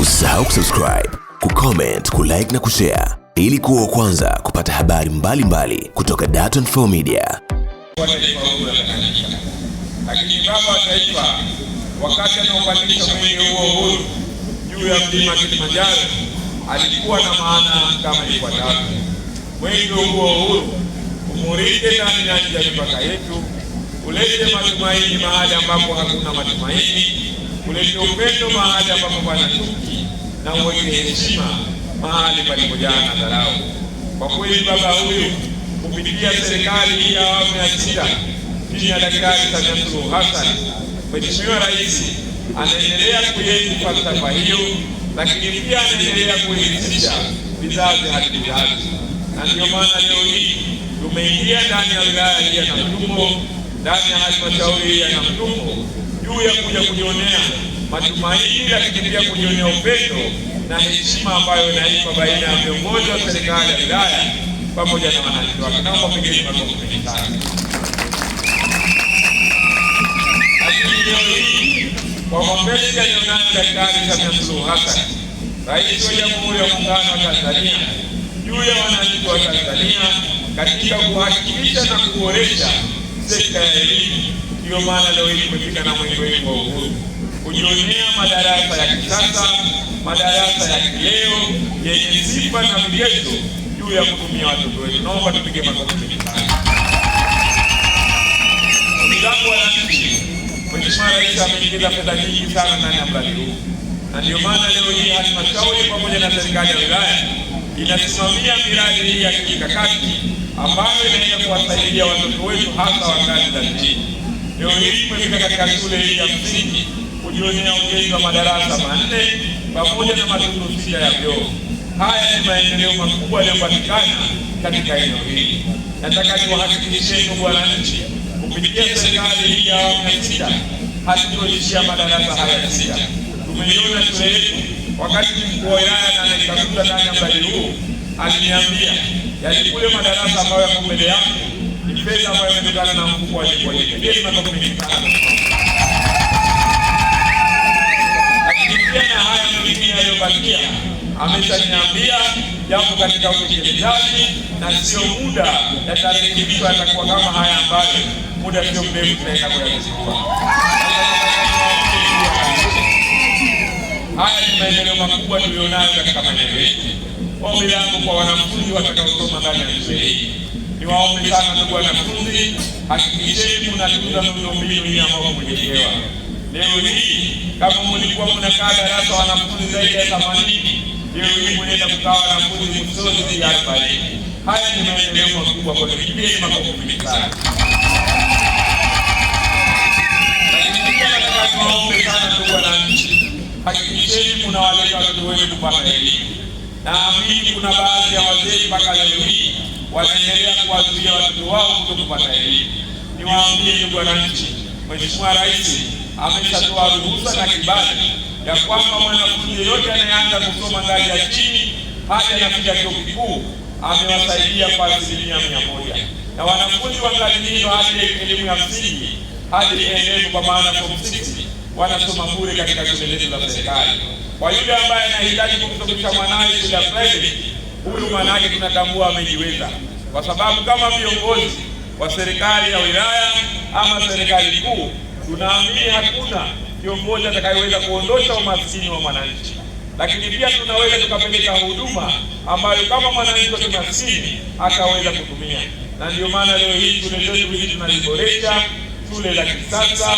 Usisahau kusubscribe, kucomment, kulike na kushare ili kuwa wa kwanza kupata habari mbalimbali mbali kutoka Dar24 Media. Lakini baba wa taifa wakati anaopandisha mwenge huo huru juu ya mlima Kilimanjaro alikuwa na maana kama ifuatavyo: mwenge huo huru umurike ndani ya mipaka yetu, ulete matumaini mahali ambapo hakuna matumaini ulete upendo mahali ambapo pana chuki na uweke heshima mahali palipojaa na dharau. Kwa kweli, baba huyu kupitia serikali hii ya awamu ya sita chini ya Daktari Samia Suluhu Hassan, Mheshimiwa Rais anaendelea kuenzi falsafa hiyo, lakini pia anaendelea kuelimisha vizazi hadi vizazi, na ndiyo maana leo hii tumeingia ndani ya wilaya hii ya Namtumbo, ndani ya halmashauri hii ya Namtumbo juu ya kuja kujionea matumaini, lakini pia kujionea upendo na heshima ambayo inaipa baina ya viongozi wa serikali ya wilaya pamoja na wananchi wake. Naomba pigeni makofi mengi sana. kwa mapenzi yaliyonayo Daktari Samia Suluhu Hassan, Rais wa Jamhuri ya Muungano wa Tanzania, juu ya wananchi wa Tanzania katika kuhakikisha na kuboresha sekta ya elimu Ndiyo maana leo hii tumefika na mwenge wetu wa uhuru kujionea madarasa ya kisasa, madarasa ya kileo yenye sifa na mgezo juu ya kutumia watoto wetu. Naomba tupige makofi mengi. Mheshimiwa Rais ameingiza fedha nyingi sana ndani ya mradi huu, na ndio maana leo hii halmashauri pamoja na serikali ya wilaya inasimamia miradi hii ya kimkakati ambayo inaenda kuwasaidia watoto wetu hasa wa ngazi za chini. Leo hii tumefika katika shule hii ya msingi kujionea ujenzi wa madarasa manne pamoja na matundu sita ya vyoo. Haya ni maendeleo makubwa yaliyopatikana katika eneo hili. Nataka niwahakikishie ndugu wananchi, kupitia serikali hii ya awamu ya sita hatutoishia madarasa haya sita. Tumeiona shule yetu, wakati mkuu wa wilaya na ndani ya mradi huu aliniambia, yaani kule madarasa ambayo yako mbele yangu fedha ambayo imetokana na mfuko wa lakini pia na haya mengine yaliyobakia ameshaniambia jambo katika utekelezaji, na sio muda yatarekebishwa, yatakuwa kama haya ambayo muda sio mrefu tunaenda kuyazindua. Haya ni maendeleo makubwa tulionayo katika maeneo yetu. Ombi langu kwa wanafunzi watakaosoma ndani ya shule hii Niwaombe sana ndugu wanafunzi, hakikisheni mnatunza miundombinu hii ambayo mmejengewa. Leo hii kama mlikuwa mnakaa darasa wanafunzi zaidi ya themanini, leo hii mnaenda kukaa wanafunzi msozi ya arobaini. Haya ni maendeleo makubwa kwa kipindi makofi mengi sana. Niwaombe sana ndugu wananchi, hakikisheni mnawaleta watoto wenu kupata elimu. Naamini kuna baadhi ya wazee mpaka leo hii wanaendelea kuwazuia watoto wao kutokupata elimu. Niwaambie ndugu wananchi, Mheshimiwa Rais ameshatoa ruhusa na kibali ya kwamba mwanafunzi yeyote anayeanza kusoma ngazi ya chini hadi anakuja chuo kikuu amewasaidia kwa asilimia mia moja na wanafunzi wa ngazi hizo hadi elimu ya msingi hadi endelevu, kwa maana form six wanasoma bure katika shule zetu za serikali. Kwa yule ambaye anahitaji kumsomesha mwanawe shule ya private Huyu maanake tunatambua amejiweza, kwa sababu kama viongozi wa serikali ya wilaya ama serikali kuu tunaamini hakuna kiongozi atakayeweza kuondosha umaskini wa mwananchi, lakini pia tunaweza tukapeleka huduma ambayo kama mwananchi wa kimaskini akaweza kutumia, na ndio maana leo hii shule zetu hizi tunaziboresha, shule za kisasa,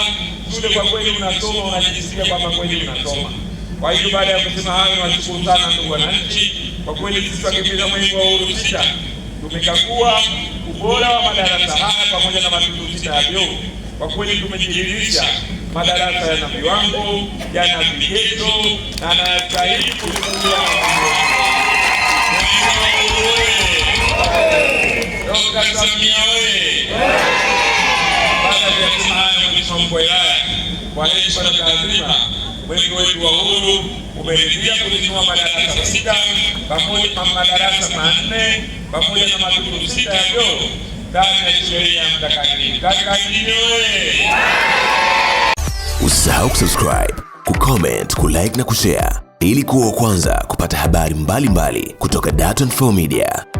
shule kwa kweli unasoma unajisikia kwamba kweli unasoma. Kwa hiyo baada ya kusema hayo, niwashukuru sana ndugu wananchi. Kwa kweli sisi wakimbiza mwenge wa uhuru sita tumekagua ubora wa madarasa haya pamoja na matundu sita ya vyoo. Kwa kweli tumejiridhisha madarasa yana viwango, yana vigezo na yanastahili kutukulia Samia we baada ya mheshimiwa mkuu wa wilaya, kwa heshima na taadhima mwenge wetu wa uhuru umeridhia kuzinua madarasa sita pamoja na madarasa manne pamoja na matundu sita ya vyoo ndani ya historia ya Mtakatifu Mtakatifu. Usisahau kusubscribe, kucomment, kulike na kushare ili kuwa wa kwanza kupata habari mbalimbali mbali kutoka Dar24 Media.